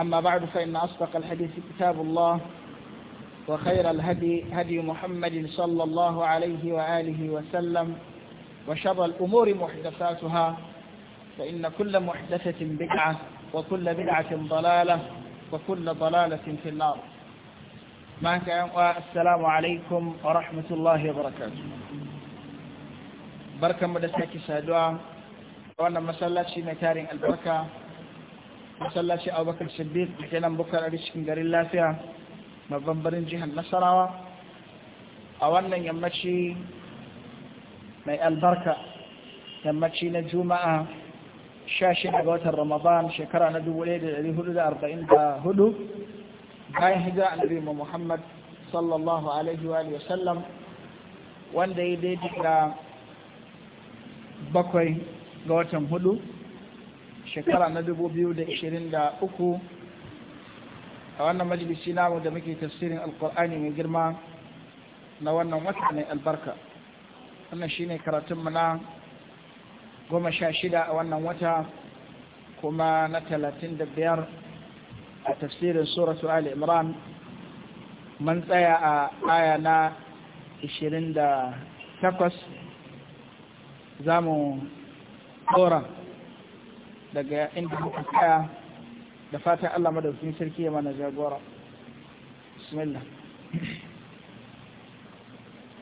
أما بعد فإن أصدق الحديث كتاب الله وخير الهدي هدي محمد صلى الله عليه وآله وسلم وشر الأمور محدثاتها فإن كل محدثة بدعة وكل بدعة ضلالة وكل ضلالة في النار معك السلام عليكم ورحمة الله وبركاته بركة مدسكي سادوا وانا مسلسي مكارن البركة masallaci abubakar shabbir da ke nan bukar a cikin garin lafiya babban birnin jihar nasarawa a wannan yammaci mai albarka yammaci na juma'a sha shida ga watan ramadan shekara na dubu ɗaya da ɗari hudu da arba'in da hudu bayan hijira annabi muhammad sallallahu alaihi wa sallam wanda ya daidai da bakwai ga watan hudu shekara na dubu biyu da da ishirin uku, a wannan majalisi namu da muke tafsirin alkur'ani mai girma na wannan wata mai albarka wannan shine karatunmu na goma sha shida a wannan wata kuma na talatin da biyar a tafsirin suratu ali imran Mun tsaya a aya na ishirin da takwas za mu daga inda muka tsaya da fatan Allah madaukakin sarki ya mana jagora bismillah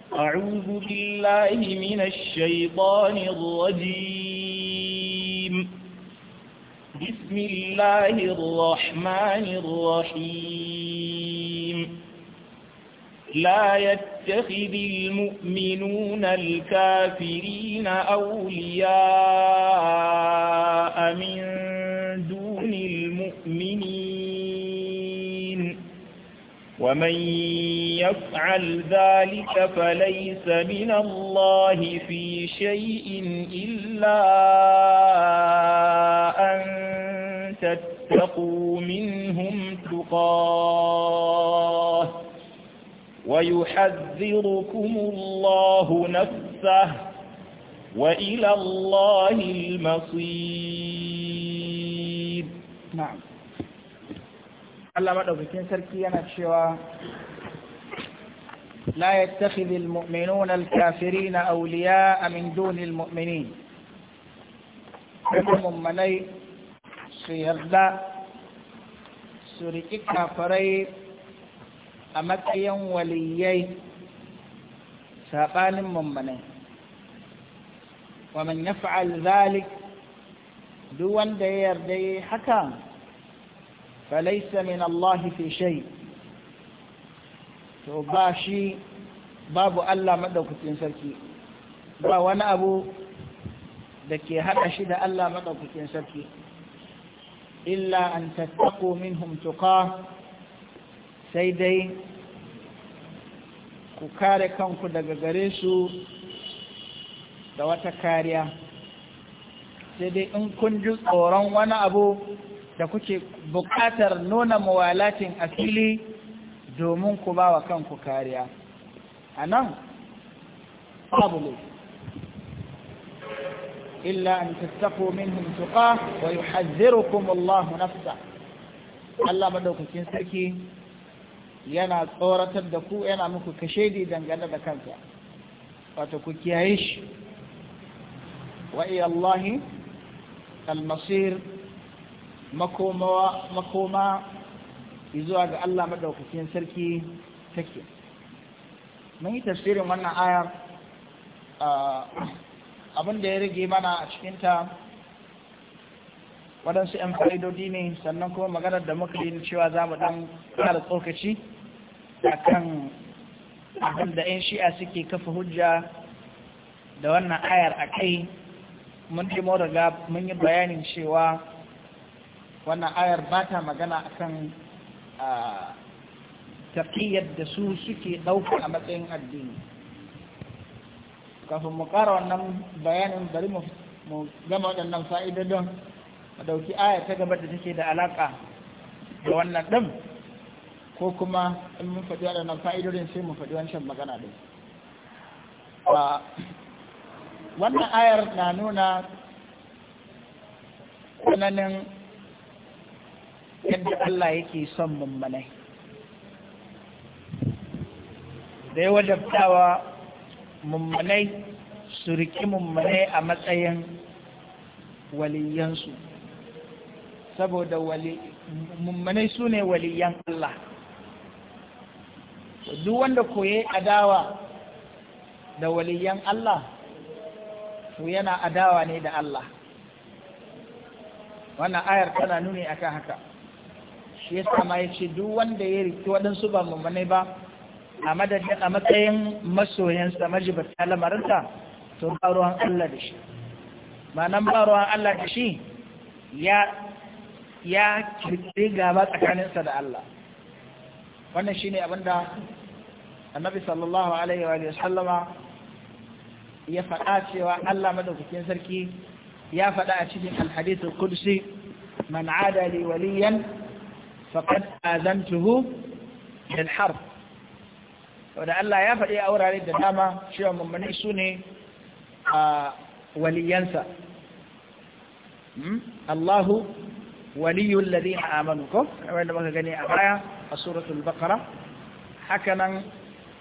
أعوذ بالله من الشيطان الرجيم بسم الله الرحمن الرحيم لا يتخذ المؤمنون الكافرين أولياء من دون المؤمنين ومن يفعل ذلك فليس من الله في شيء إلا أن تتقوا منهم تقام ويحذركم الله نفسه وإلى الله المصير نعم الله مدوكين سركي أنا شوى لا يتخذ المؤمنون الكافرين أولياء من دون المؤمنين حكم مني سيردا سوري كافرين a matsayin waliyai saɓanin mummunai wa man yaf'al zalik duk wanda ya yarda yi haka falaisa min fi shai. to ba shi babu Allah madaukakin sarki ba wani abu da ke haɗa shi da Allah madaukakin sarki illa an tattaku minhum tuqah sai dai ku kare kanku daga gare su da wata kariya sai dai in kun ji tsoron wani abu da kuke buƙatar nuna mawalatin asili domin ku ba wa kanku kariya a nan babu illa an tattako minhum tuqa wa yuhadhdhirukum Allahu nafsa Allah madaukakin sarki yana tsoratar da ku yana muku kashe kashedi dangane da kansa wata ku kiyaye shi wa iya Allahi almasir makoma zuwa ga Allah madaukakin sarki take mun yi tafsirin wannan ayar ah, abinda ya rage mana a cikinta waɗansu 'yan fa'idodi ne sannan kuma maganar da muka yi cewa za mu ɗan ƙara tsokaci akan abin da 'yan shi'a suke kafa hujja da wannan ayar a kai mun ji ga mun yi bayanin cewa wannan ayar ba ta magana kan tafiyar da su suke ɗauka a matsayin addini kafin mu ƙara wannan bayanin bari mu gama waɗannan fa'idodin a ɗauki ayar ta gaba da take da alaƙa da wannan ɗin ko kuma in mun faɗi waɗannan fa'idodin sai mun faɗi wancan magana ɗin wannan ayar na nuna tsananin yadda Allah yake son mummanai da yi wajabtawa mummanai su riƙi mummanai a matsayin waliyansu saboda mummanai su ne waliyan Allah duk wanda koye adawa da waliyan Allah to yana adawa ne da Allah wannan ayar tana nuni akan haka shi yasa ma ce, duk wanda ya riki waɗansu ba mummanai ba a madadin a matsayin masoyansa majibata lamarinsa to ba ruwan Allah da shi ma'anan ba ruwan Allah da shi ya ya kirkiri gaba tsakaninsa da Allah wannan shine abinda annabi sallallahu alaihi wa sallama ya faɗa cewa Allah madaukakin sarki ya faɗa a cikin alhadith al-qudsi man ada li waliyan faqad azantuhu bil harb wanda Allah ya faɗi a wurare da dama cewa mummuni su ne a waliyansa hmm? Allahu waliyul ladina amanu ko wanda muka gani a baya a suratul baqara hakanan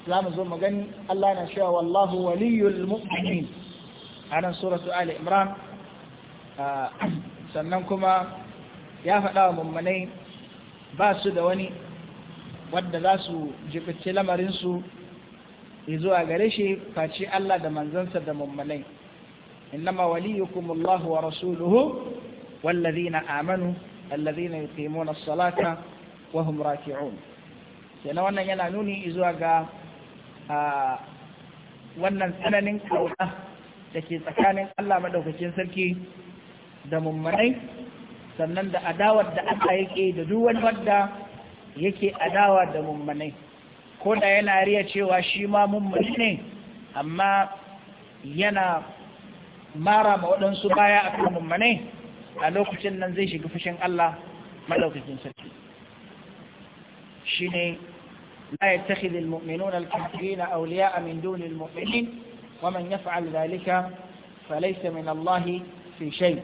za mu zo mu gani Allah na cewa wallahu waliyul mu'minin anan nan suratu Ali Imran sannan kuma ya faɗa wa mummanai ba su da wani wadda za su jibici lamarinsu zuwa gare shi face Allah da manzansa da mummanai innama waliyukum Allah wa rasuluhu wallazina amanu allazina yuqimuna as-salata wa hum raki'un kenan wannan yana nuni zuwa ga wannan tsananin ƙauna da ke tsakanin Allah maɗaukacin sarki da mummanai sannan da adawar da aka yake da duk wani wadda yake adawa da mummanai ko da yana riya cewa shi ma mummuni ne amma yana mara ma waɗansu baya a kan mummanai a lokacin nan zai shiga fushin Allah maɗaukacin sarki shi ne لا يتخذ المؤمنون الكافرين أولياء من دون المؤمنين ومن يفعل ذلك فليس من الله في شيء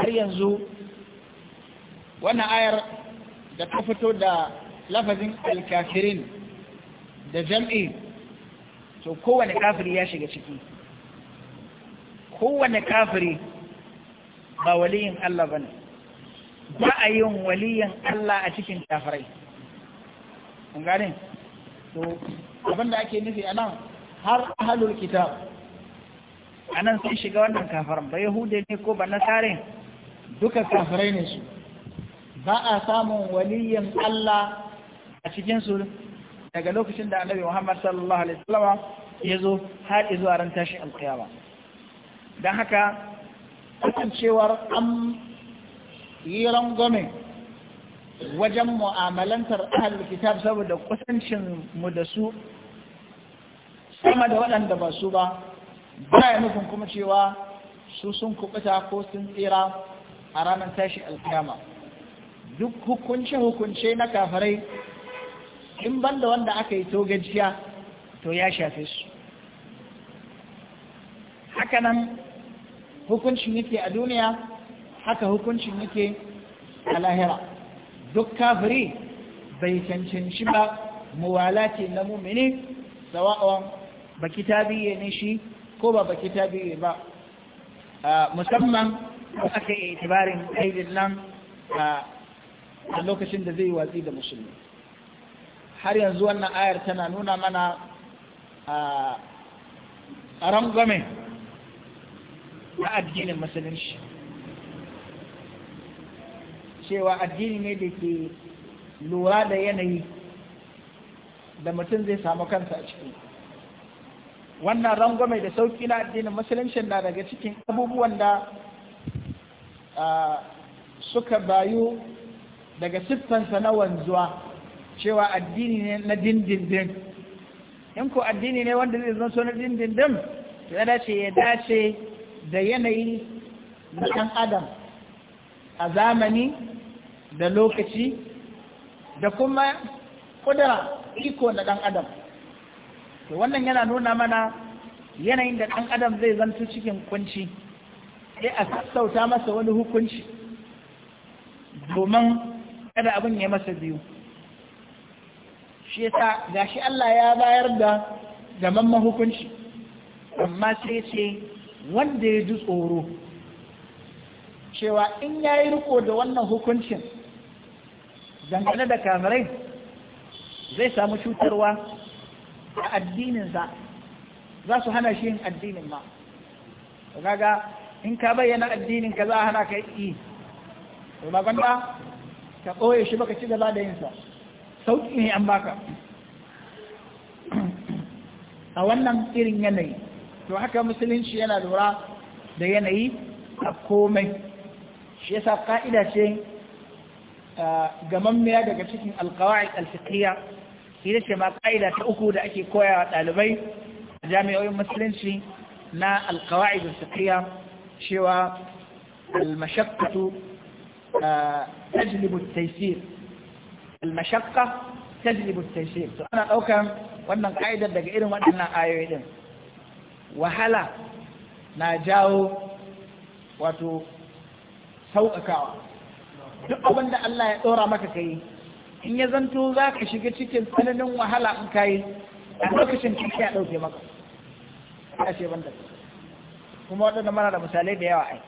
har yanzu wannan ayar da ta fito da lafazin alkafirin da jam'i to kowane kafiri ya shiga ciki kowane kafiri ba waliyin Allah ba ne ba a yin waliyin Allah a cikin kafirai an gane to abin da ake nufi anan har ahlul kitab anan sun shiga wannan kafaran ba yahude ne ko ba nasare duka kafirai ne su ba a samun waliyin Allah a cikin su daga lokacin da annabi Muhammad sallallahu alaihi wasallam ya zo har zuwa ran tashin alqiyama dan haka kasancewar an yi rangwame wajen mu'amalantar ahalul kitab saboda kusancin mu da su sama da waɗanda ba su ba baya nufin kuma cewa su sun kubuta ko sun tsira a ranar tashi alkiyama duk hukunce-hukunce na kafarai in banda wanda aka yi to gajiya, to ya shafe su hakanan hukuncin yake a duniya haka hukuncin yake a lahira duk kafiri bai cancanci ba muwala ce na mumini sawa'on baki biye ne shi ko ba baki biye ba musamman da aka yi itibarin aidin nan a lokacin da zai watsi da musulmi har yanzu wannan ayar tana nuna mana a rangwame na addinin musulunci cewa addini ne da ke lura da yanayi da mutum zai samu kansa a ciki wannan rangwame da sauƙi na addinin musulunci na daga cikin abubuwan da suka bayu daga siffansa na wanzuwa cewa addini ne na dindindin in ko addini ne wanda zai so na dindindin ya dace ya dace da yanayi na ɗan adam a zamani da lokaci da kuma kudura iko na ɗan adam to wannan yana nuna mana yanayin da ɗan adam zai zanto cikin kunci sai a sassauta masa wani hukunci domin kada abin ya masa biyu shi yasa gashi Allah ya bayar da zaman mahukunci amma sai ce wanda ya ji tsoro cewa in ya yi riko da wannan hukuncin dangane da kamarai zai samu cutarwa a addininsa za su hana shi yin addinin ma ga in ka bayyana addinin ka za a hana ka yi ba gwanda ka ɓoye shi baka ci gaba da yinsa sauƙi ne an baka a wannan irin yanayi to haka musulunci yana lura da yanayi a komai shi yasa ka'ida ce gamammiya daga cikin alkawa'id alfiqiyya ita ce ma ka'ida ta uku da ake koyawa ɗalibai a jami'o'in musulunci na alkawa'id alfiqiyya cewa almashaqqatu tajlibu at-taysir almashaqqa tajlibu at-taysir to ana daukan wannan ka'idar daga irin waɗannan ayoyi din wahala na jawo wato sauƙaƙawa duk abin da Allah ya ɗora maka ka yi in ya zanto za ka shiga cikin tsananin wahala in ka yi a lokacin ciki a ɗauke maka a ce banda kuma waɗanda mana da misalai da yawa ai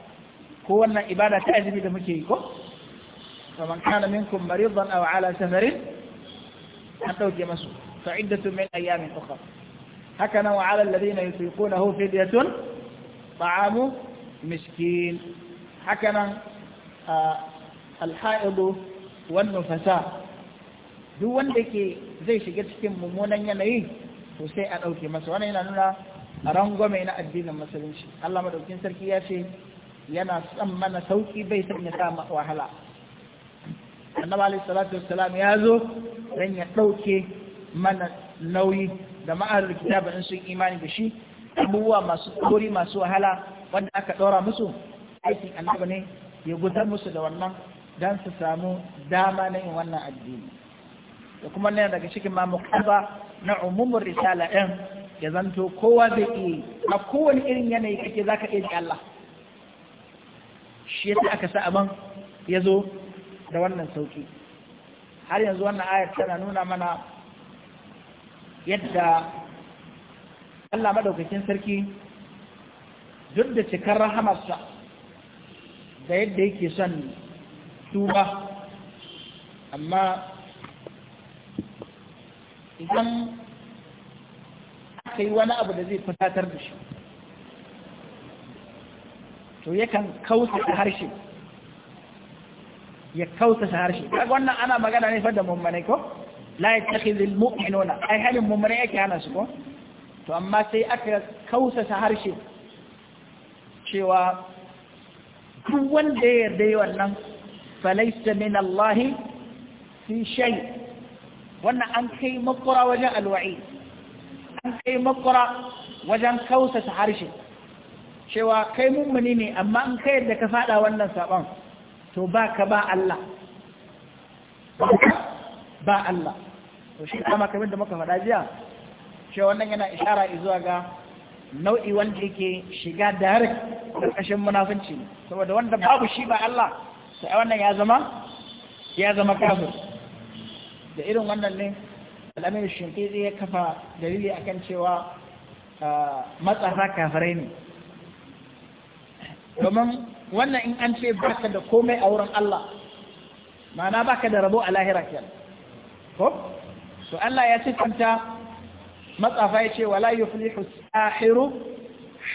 ko wannan ibada ta azumi da muke yi ko faman kana minkum maridan aw ala safarin a ɗauke masu fa iddatu min ayyamin ukhra haka nan wa ala alladhina yutiqunahu fidyatun ta'amu miskin haka nan alha'idu wannan fasa duk wanda ke zai shiga cikin mummunan yanayi to sai a ɗauke masa wannan yana nuna rangwame na addinin musulunci Allah madaukin sarki ya ce yana san mana sauki bai son ya sa wahala annabi alayhi salatu wassalam ya zo dan ya dauke mana nauyi da ma'arar kitaba in sun imani da shi abubuwa masu tsori masu wahala wanda aka ɗora musu aikin annabi ne ya gudan musu da wannan don su samu dama na yin wannan addini da kuma na daga cikin ma muqaba na umumin risala ɗin ya zanto kowa zai iya a kowane irin yanayi kake za ka iya Allah shi yasa aka sa abin ya zo da wannan sauki har yanzu wannan ayar tana nuna mana yadda Allah madaukakin sarki duk da cikar rahamarsa da yadda yake son tuba amma idan aka yi wani abu da zai fitatar da shi to yakan kausa harshe ya kausa harshe kaga wannan ana magana ne fa da ko la yattakhidhul mu'minuna ai halin mummune yake hana su ko to amma sai aka kausa harshe cewa duk wanda ya yarda wannan falaisa min Allah fi shay wannan an kai makura wajen alwa'i an kai makura wajen ta harshe cewa kai mummuni ne amma an kai yadda ka fada wannan saban to ba ka ba Allah ba Allah to shi kama kamar da muka faɗa jiya cewa wannan yana ishara zuwa ga nau'i wanda yake shiga da ƙarƙashin munafunci saboda wanda babu shi ba Allah sai wannan ya zama ya zama kafir da irin wannan ne al'amin shinkiri ya kafa dalili akan cewa matsafa kafirai ne domin wannan in an ce baka da komai a wurin Allah ma'ana baka da rabo a lahira kenan ko to Allah ya siffanta matsafa ya ce wala yuflihu sahiru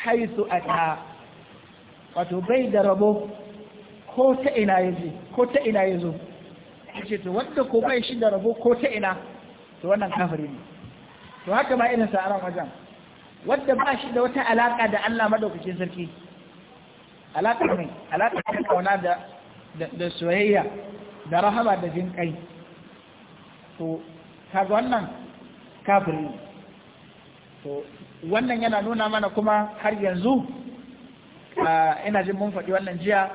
haisu a ta wato bai da rabo ko ta ina yaje ko ta ina ya ce to wanda ko bai shi da rabo ko ta ina to wannan kafiri ne to haka ma irin sa wajen wanda ba shi da wata alaka da Allah madaukakin sarki alaka mai alaka ta kauna da da soyayya da rahama da jin kai to kaga wannan kafiri ne to wannan yana nuna mana kuma har yanzu ina jin mun faɗi wannan jiya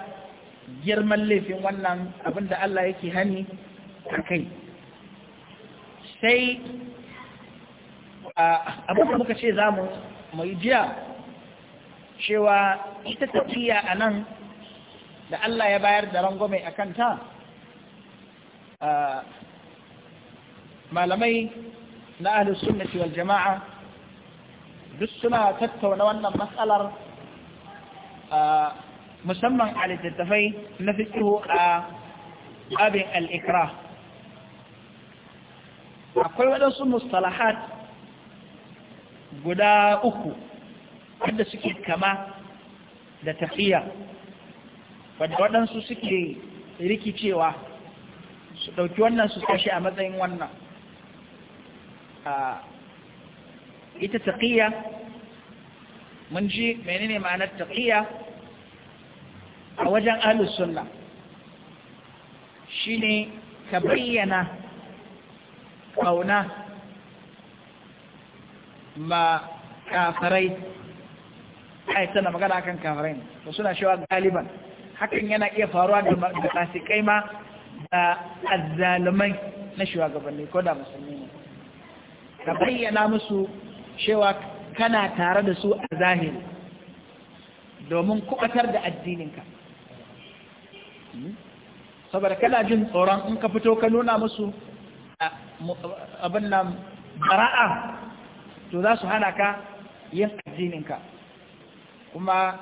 girman laifin wannan abin da Allah yake hani a kai sai abin da muka ce za mu mai jiya cewa ita tafiya a nan da Allah ya bayar da rangwame a kanta malamai na ahalussunnati wal jama'a duk suna tattauna wannan matsalar musamman a littattafai na fikihu a abin al'ikra akwai waɗansu mustalahat guda uku wadda suke kama da tafiya wadda waɗansu suke rikicewa su ɗauki wannan su tashi a matsayin wannan ita taƙiyya mun ji menene ma'anar taƙiyya a wajen ahlus sunna shine ka bayyana ƙauna ma kafarai ai tana magana akan kafarai to suna shawa galiban hakan yana iya faruwa da fasikai ma da azzalumai na shugabanni ko da musulmi ne ka bayyana musu cewa kana tare da su a zahiri domin kubatar da addininka hmm? saboda kana jin tsoron in ka fito ka nuna musu abin nan bara'a to za su hana ka yin addininka kuma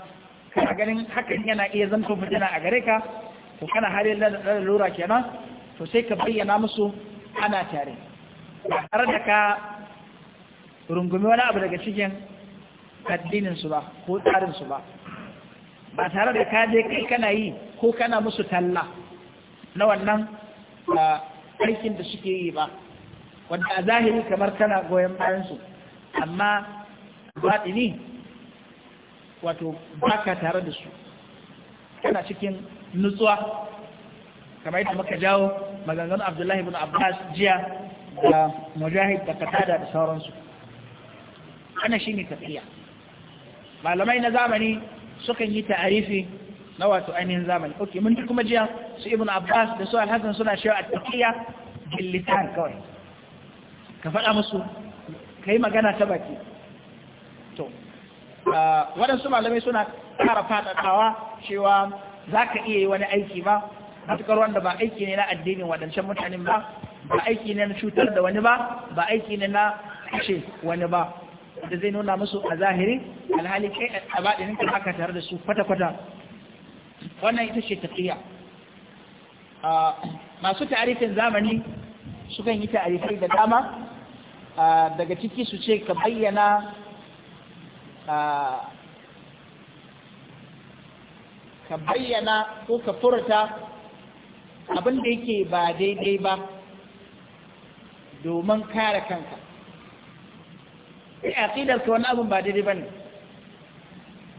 kana ganin hakan yana iya zanto fitina a gare ka to kana da lura kenan to sai ka bayyana musu ana tare ba tare da ka rungumi wani abu daga cikin addininsu ba ko tsarinsu ba ba tare da ka je kai kana yi ko kana musu talla na wannan aikin da suke yi ba wanda a zahiri kamar kana goyon bayansu amma baɗini wato baka tare da su kana cikin nutsuwa kamar yadda muka jawo maganganun abdullahi bin abbas jiya da mujahid da katada da sauransu ana shi ne tafiya malamai na zamani sukan yi ta'arifi na wato ainihin zamani ok mun kuma jiya su ibn abbas da su alhassan suna shewa a tafiya gillitan kawai ka faɗa musu ka yi magana ta baki to waɗansu malamai suna ƙara faɗaɗawa cewa za ka iya yi wani aiki ba matuƙar wanda ba aiki ne na addinin waɗancan mutanen ba ba aiki ne na cutar da wani ba ba aiki ne na kashe wani ba da zai nuna musu a zahiri alhali kai a baɗin ka haka tare da su kwata-kwata wannan ita ce tafiya masu tarifin zamani sukan yi tarifai da dama daga ciki su ce ka bayyana ka bayyana ko ka furta abinda yake ba daidai ba domin kare kanka sai ka wani abin ba daidai ba ne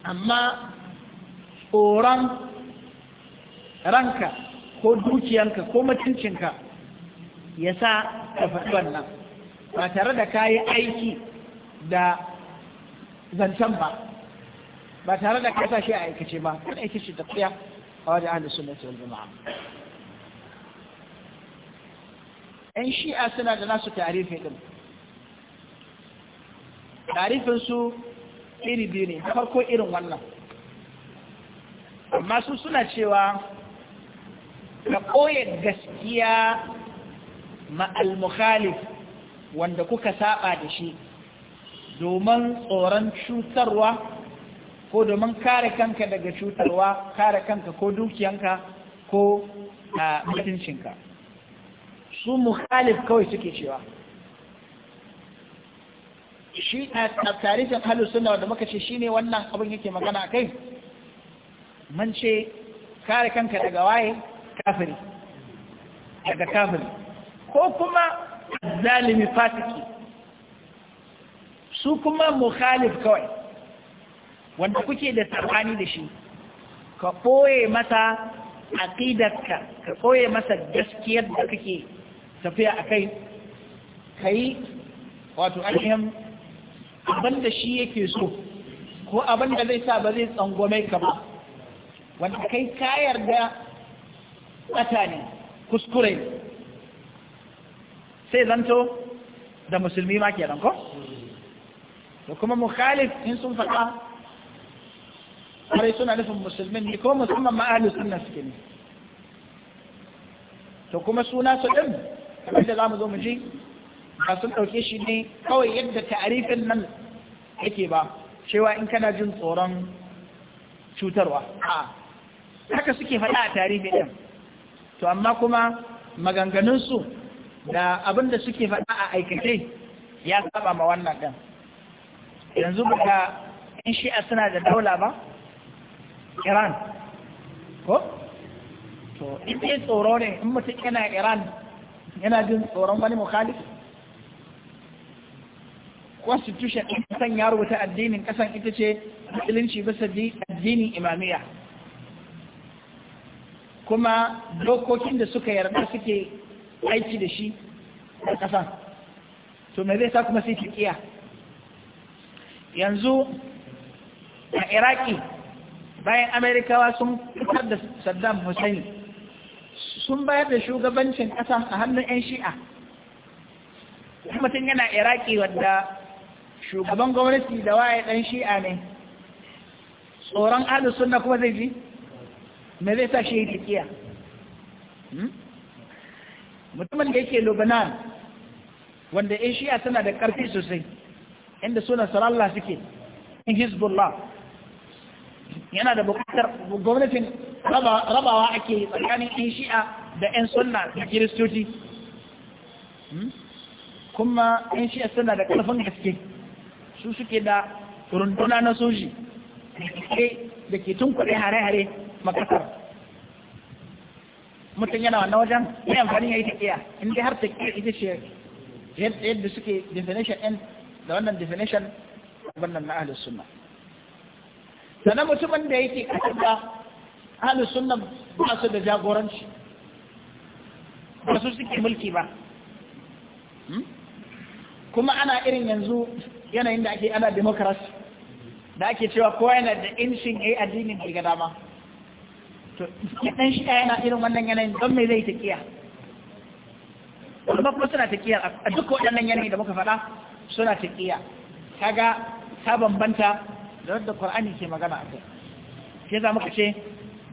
amma tsoron ranka ko dukiyanka ko mutuncinka ya sa ka faɗi wannan ba tare da ka yi aiki da zancen ba ba tare da ka sa shi a aikace ba kan aikace da kuya a wajen ahalin ta wal jama'a yan shi'a suna da nasu tarihi din tarifin iri biyu ne farko irin wannan amma su suna cewa ka ɓoye gaskiya maal wanda kuka saba da shi domin tsoron cutarwa ko domin kare kanka daga cutarwa kare kanka ko dukiyanka ko ah, mutuncinka su mukhalif kawai suke cewa shi a tarihin halin suna wanda muka ce shine wannan abin yake magana a kai man ce kare kanka daga waye kafiri daga kafiri ko kuma zalimi Fatiki, su kuma mukhalif kawai wanda kuke da tsarfani da shi ka ɓoye masa aƙidarka ka ɓoye masa gaskiyar da kake tafiya a kai ka yi wato ainihin abin da shi yake so ko abin da zai sa ba zai tsangwame ka ba wanda kai ka yarda tsata ne kuskure sai zanto da musulmi ma ke ko da kuma mukhalif in sun faɗa kwarai suna nufin musulmin ne kuma musamman ma'alu suna suke ne to kuma suna su ɗin abinda za mu zo mu ji ba sun ɗauke shi ne kawai yadda ta'arifin nan yake ba cewa in kana jin tsoron cutarwa a haka suke faɗa a tarihi ɗin to amma kuma maganganunsu da abin da suke faɗa a aikace ya saba ma wannan ɗin yanzu ba in shi'a suna da daula ba iran ko? to in ɗin tsoro ne in mutum yana iran yana jin tsoron wani mukhalif constitution ɗin kasan ya rubuta addinin kasan ita ce musulunci bisa addinin imamiya kuma dokokin da suka yarda suke aiki da shi a kasan to me zai sa kuma sai ki iya yanzu a iraki bayan amerikawa sun fitar da saddam hussein sun bayar da shugabancin ƙasa a hannun 'yan shi'a mutum yana iraki wadda shugaban gwamnati da waye dan shi'a ne tsoron ahlus sunna kuma zai ji me zai sa shi kiya hmm? mutumin da yake lubanan wanda yan shi'a tana da karfi sosai inda suna sarallah suke in hezbollah yana da bukatar gwamnatin rabawa ake tsakanin yan shi'a da yan sunna da kiristoci hmm? kuma yan shi'a suna da karfin gaske su suke da runduna na soji da ke tun kuɗi hare-hare makasar mutum yana wannan wajen ya amfani ya yi tafiya in dai har tafiya ita ce yadda suke definition ɗin da wannan definition wannan na ahalus sunna sannan mutumin da yake kasar da ahalus sunna ba su da jagoranci ba su suke mulki ba hmm? kuma ana irin yanzu yanayin da ake ana demokrasi da ake cewa kowa yana da inshin ya yi addinin ga dama to ɗan shi na irin wannan yanayin don me zai taƙiya kuma kuma suna taƙiya a duk waɗannan yanayi da muka faɗa suna taƙiya kaga ta bambanta da wadda ƙwar'ani ke magana a kai sai za muka ce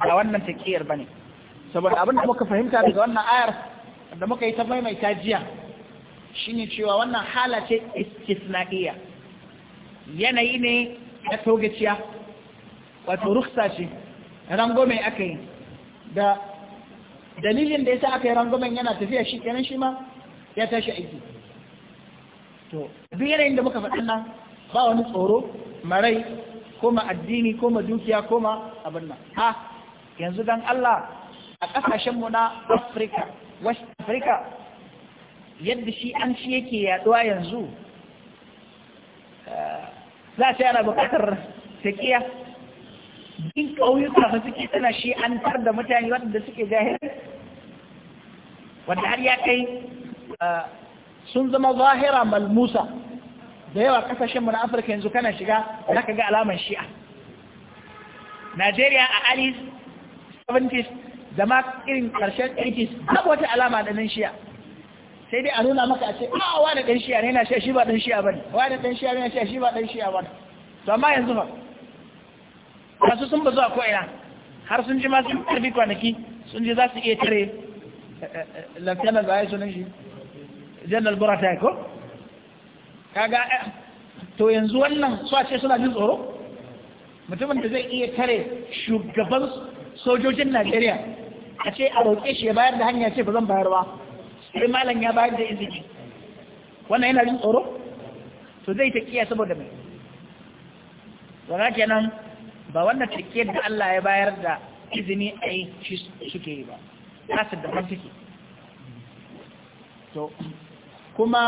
a wannan taƙiyar ba ne saboda abin da muka fahimta daga wannan ayar da muka yi ta maimaita jiya shine cewa wannan hala ce istisna'iyya yanayi ne na togaciya wato ruksa ce rangomen aka yi da dalilin da ya sa aka yi rangomen yana tafiya shi kenan shi ma ya tashi aiki to duk yanayin da muka faɗin nan ba wani tsoro marai ko ma addini ko ma dukiya ko ma abin nan ha yanzu dan Allah a ƙasashenmu na Africa West Africa yadda shi an shi yake yaduwa yanzu za a ana bukatar taƙiya din ƙauyuka ba suke tana shi an tar da mutane waɗanda suke jahil wanda har ya kai sun zama zahira malmusa da yawa ƙasashenmu na afirka yanzu kana shiga zaka ga alaman shi'a najeriya a Ali's 70s da ma irin karshen 80s wata alama da nan shi'a sai dai a nuna maka a ce a ah, wani ɗan shiya ne yana shiya shi ba ɗanshiya shiya ba ne da ɗan shiya ne yana shiya shi ba ɗanshiya shiya ba ne to amma yanzu ba masu sun bazu a ina har sun ji masu ƙarfi kwanaki sun ji za su iya tare lafiyar da yi sunan shi janar burata ko kaga eh, to yanzu wannan su a ce suna jin tsoro mutumin da zai iya tare shugaban sojojin najeriya a ce a roƙe shi ya bayar da hanya ce ba zan bayar ba sai malam ya bayar da izini wannan yana jin tsoro to zai ta saboda mai zaga kenan ba wannan take da Allah ya bayar da izini a yi suke yi ba kasar da ban to kuma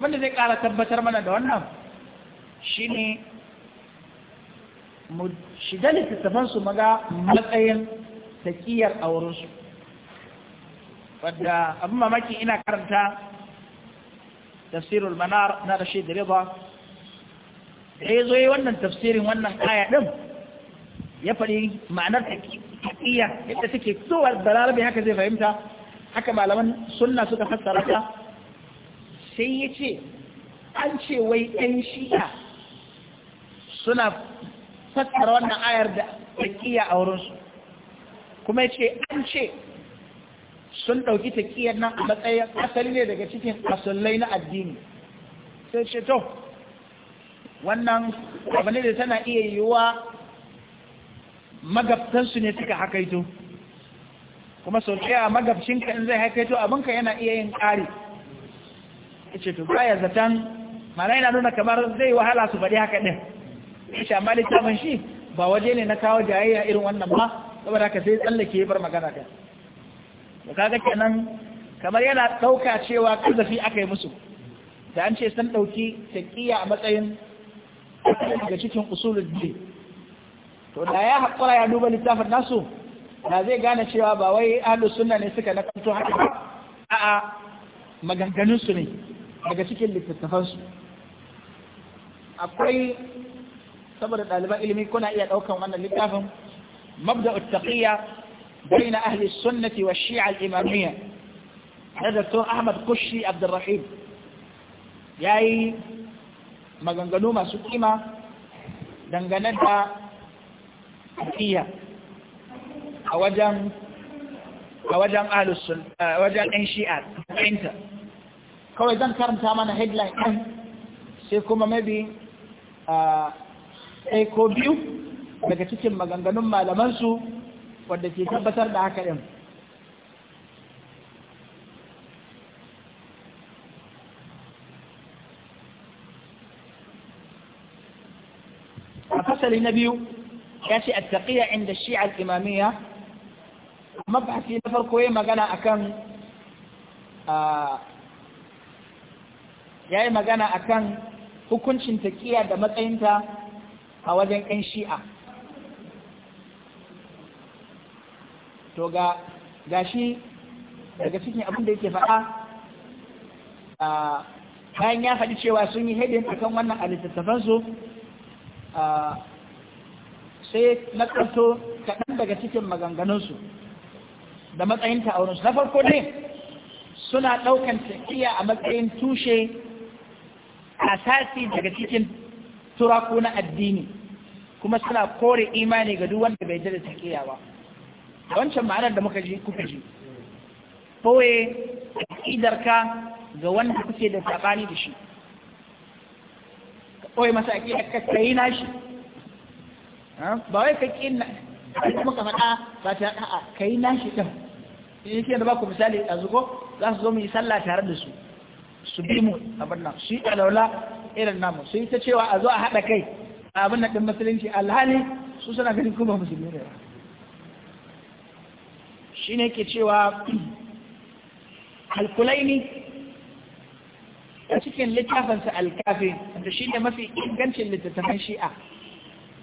wanda zai ƙara tabbatar mana da wannan shi ne mu shiga littattafansu maga matsayin taƙiyar aurensu wadda abin mamaki ina karanta tafsirul manar na rashe da riba da ya zo yi wannan tafsirin wannan aya ɗin ya faɗi ma'anar taƙiyya yadda take towar da larabe haka zai fahimta haka malaman sunna suka fassara ta sai ya ce an ce wai ɗan shi'a suna fassara wannan ayar da taƙiyya a wurinsu kuma ya ce an ce sun ɗauki taƙiyar nan a matsayin asali ne daga cikin asalai na addini sai ce to wannan abu ne da tana iya yiwuwa magabtansu ne suka hakaito kuma sau ɗaya ka in zai hakaito abinka yana iya yin ƙari ya ce to baya zaton mana yana nuna kamar zai wahala su faɗi haka ɗin ya ce amma littafin shi ba waje ne na kawo jayayya irin wannan ba saboda haka sai tsallake bar magana ta. to kaga kenan kamar yana ɗauka cewa ƙazafi aka yi musu da an ce san ɗauki taƙiya a matsayin daga cikin usulun ji to da ya haƙura ya duba littafin nasu da zai gane cewa ba wai ahlus sunna ne suka kanto haka ba 'a maganganun su ne daga cikin littattafan su akwai saboda ɗaliban ilimi kuna iya ɗaukan wannan littafin mabda'ut taqiyya بين أهل السنة والشيعة الإمامية هذا الدكتور أحمد كشي عبد الرحيم ياي maganganu masu kima dangane da iya a wajen a wajen a wajen ɗan shi'a ɗinta kawai zan karanta mana headline ɗin sai kuma mabi biyu daga cikin maganganun malamansu wadda ke tabbatar da haka ɗin a fasali na biyu ya ce a taƙiya inda shi'ar imamiyya mabahasi na farko ya magana kan ya yi magana akan hukuncin taƙiya da matsayinta a wajen 'yan shi'a to ga gashi daga cikin abin da yake faɗa bayan ya faɗi cewa sun yi hedin kan wannan a littattafansu sai na ƙarto kaɗan daga cikin maganganunsu da matsayin ta'aurinsu na farko ne suna ɗaukan tafiya a matsayin tushe asasi daga cikin turaku na addini kuma suna kore imani ga duk wanda bai jira tafiya ba wancan ma'anar da muka ji kuka ji a ƙidar ka ga wanda kuke da saɓani da shi Kawai masa a aƙidar ka tsayi na shi ba wai ka ƙin na kuma ka faɗa ba ta a'a ka yi na shi ɗin in yake da ba ku misali a zuko za su zo mu yi sallah tare da su su bi mu abin nan su yi alaula irin namu su yi ta cewa a zo a haɗa kai abin nan ɗin musulunci alhali su suna ganin kuma musulmi ne yawa. shi ne ke cewa alkulaini a cikin littafinsa alkafi wanda shi ne mafi ingancin littattafan shi'a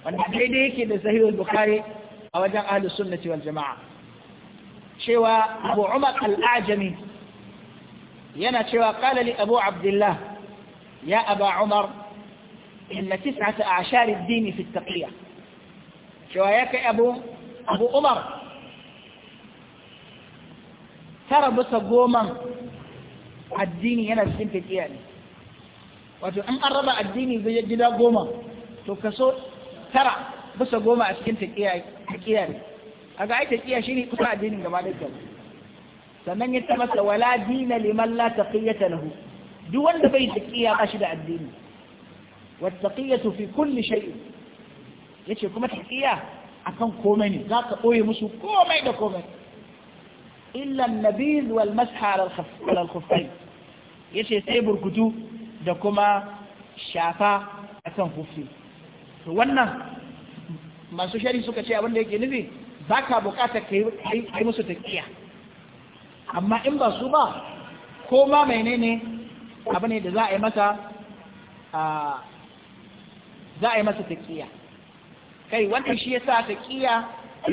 wanda daidai yake da sahihul bukhari a wajen ahlus sunnati wal jama'a cewa abu umar al-ajami yana cewa qala li abu abdullah ya aba umar inna tis'ata a'shar ad-din fi at-taqiya cewa ya kai abu abu umar tara bisa goman addini yana cikin tafiya ne wato in an raba addini zai gida goma to kaso tara bisa goma a cikin tafiya ne a ga ai tafiya shi ne kusa addinin gaba da kyau sannan ya ta masa wala dina liman la taqiyata lahu duk wanda bai taqiya ba shi da addini wa taqiyatu fi kulli shay yace kuma taqiya akan komai ne zaka boye musu komai da komai illa nabiz wal masha ala al-khuffain yace sai burkutu da kuma shafa akan hufi to wannan masu shari suka ce abin da yake nufi baka bukata kai kai musu taqiya amma in ba su ba ko ma menene abu ne da za a yi masa za yi masa taqiya kai wanda shi yasa taqiya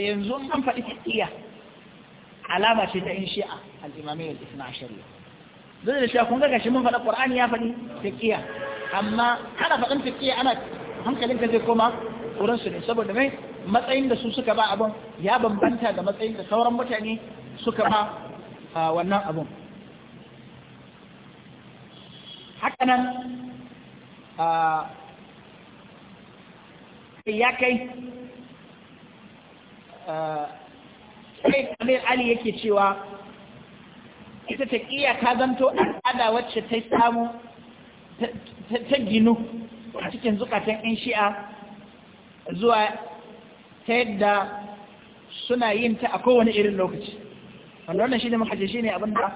yanzu an faɗi taqiya alama ce ta in shi'a al-imamiyya al-isna ashariya duk da cewa kun ga shi mun faɗa qur'ani ya faɗi fiqiya amma ana faɗin fiqiya ana hankalin ka zai koma wurin su ne saboda mai matsayin da su suka ba abun ya bambanta da matsayin da sauran mutane suka ba wannan abun haka nan ya kai sai amir ali yake cewa ita ta ƙiya ta zanto al'ada wacce ta samu ta ginu a cikin zukatan 'yan shi'a zuwa ta yadda suna yin ta a kowane irin lokaci wanda wannan shi ne makaje shi ne abinda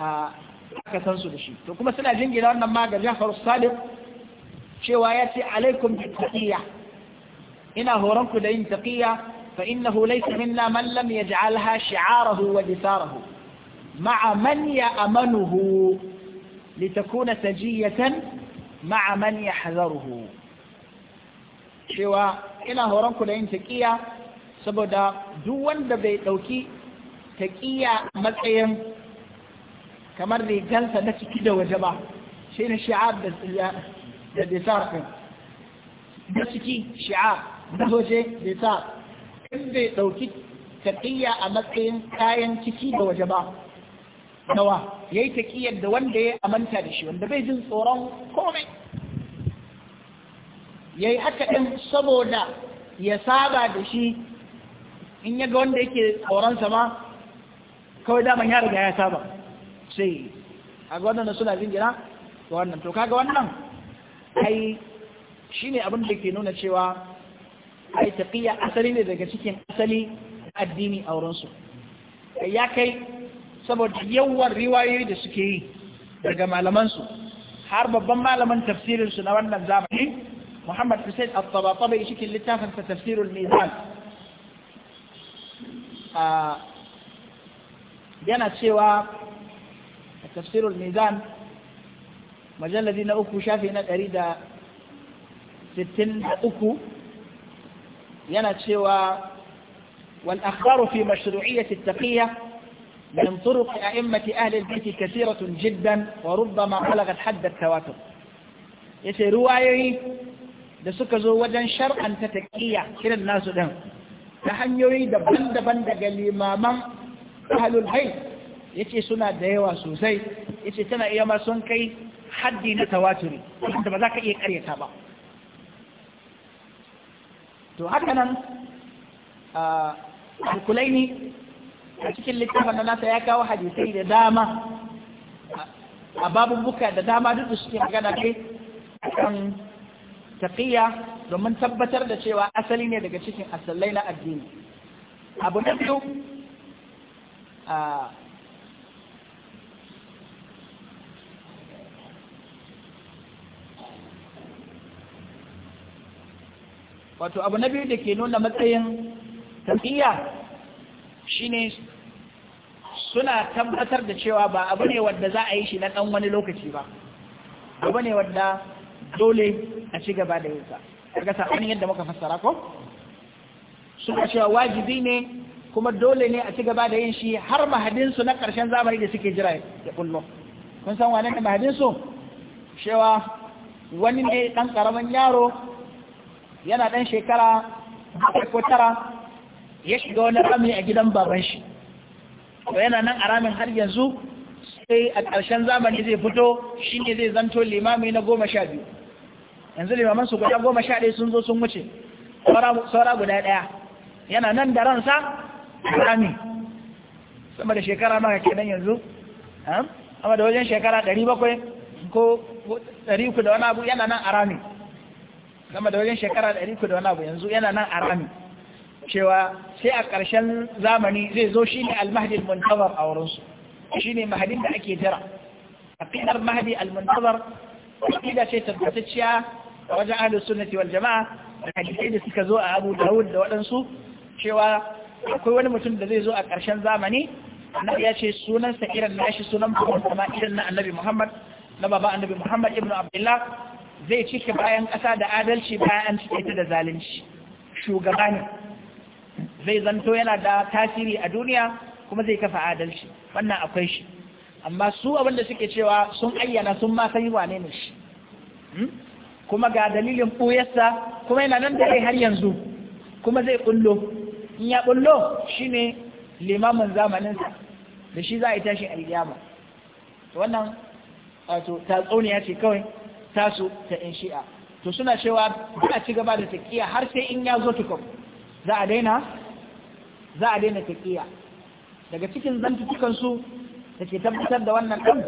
aka san su da shi to kuma suna jingina wannan ma ga jafar cewa ya ce alaikum bi ina horon ku da yin taƙiyya. فإنه ليس منا من لم يجعلها شعاره ودثاره مع من يأمنه لتكون سجية مع من يحذره شوى إلى هورانك لين تكيا سبدا دوان دبي توكي تكيا مدعيم كمر لي جلسة نتي كده وجبا شين الشعاب بس يا دي سارك نتي شعاب نهوجي دي سارك in bai ɗauki taƙiyya a matsayin kayan ciki da waje ba nawa ya yi taƙiyyar da wanda ya amanta da shi wanda bai jin tsoron komai ya yi haka ɗin saboda ya saba da shi in yaga wanda yake tsoronsa ma kawai daman ya riga ya saba sai a ga wannan suna jingina ga wannan to kaga wannan ai shine abin da ke nuna cewa ai taqiyya asali ne daga cikin asali addini a wurinsu ya kai saboda yawan riwayoyi da suke yi daga malamansu har babban malamin tafsirinsu na wannan zamani Muhammad Hussein al-Tabatabai cikin littafin ta tafsirin Mizan yana cewa tafsirin Mizan majalladi na uku shafi na ɗari da sittin da uku yana cewa wal akhbaru fi mashru'iyyat at-taqiyya من طرق أئمة أهل البيت wa جدا وربما بلغت حد التواتر yace ruwayoyi da suka zo wajen shar'anta taƙiyya kiran nasu ɗin ta hanyoyi daban-daban daga limaman ahalul bai yace suna da yawa sosai yace tana iya ma sun kai haddi na tawaturi wanda ba za ka iya ta ba to haka nan alkulaini a cikin littafin da nasa ya kawo hadisai da dama a babu babubuka da dama duk da suke magana kai kan taƙiyya domin tabbatar da cewa asali ne daga cikin asalai na addini abu na biyu wato abu na biyu da ke nuna matsayin tafiya shine suna tabbatar da cewa ba abu ne wadda za a yi shi na ɗan wani lokaci ba abu ne wadda dole a ci gaba da yinsa daga saɓanin yadda muka fassara ko suna cewa wajibi ne kuma dole ne a ci gaba da yin shi har mahadinsu na ƙarshen zamani da suke jira ya kullo kun san wane ne mahadinsu cewa wani ne ɗan ƙaramin yaro yana ɗan shekara ko tara ya shiga wani rami a gidan baban shi to yana nan a ramin har yanzu sai a ƙarshen zamani zai fito shi ne zai zanto limami na goma sha biyu yanzu limaman su guda goma sha ɗaya sun zo sun wuce saura guda ɗaya yana nan da ransa rami sama da shekara ke nan yanzu amma da wajen shekara ɗari bakwai ko ɗari uku da wani abu yana nan a rami sama da wajen shekara ɗari ku da wani abu yanzu yana nan a rami cewa sai a ƙarshen zamani zai zo shi ne almahdi almuntazar a wurinsu shi ne mahadin da ake jira aƙidar mahadi almuntazar aƙida ce tabbatacciya a wajen ahlus sunnati wal jama'a da hadisai da suka zo a abu dawud da waɗansu cewa akwai wani mutum da zai zo a ƙarshen zamani annabi ya ce sunansa irin nashi sunan kuma irin na annabi muhammad na baba annabi muhammad ibnu abdullah zai cike bayan ƙasa da adalci bayan an cike ta da zalunci shugaba ne zai zanto yana da tasiri a duniya kuma zai kafa adalci wannan akwai shi amma su abinda suke cewa sun ayyana sun ma san wane ne shi hmm? kuma ga dalilin buyarsa kuma yana nan da yai har yanzu kuma zai ɓullo in ya ɓullo shi ne limamin sa. da shi za a yi tashi alƙiyama wannan wato tatsuniya ce kawai tasu ta in shi'a to suna cewa ba a ci gaba da taƙiya har sai in ya zo tukun za a daina za a daina taƙiya daga cikin zantutukansu da ke tabbatar da wannan ɗan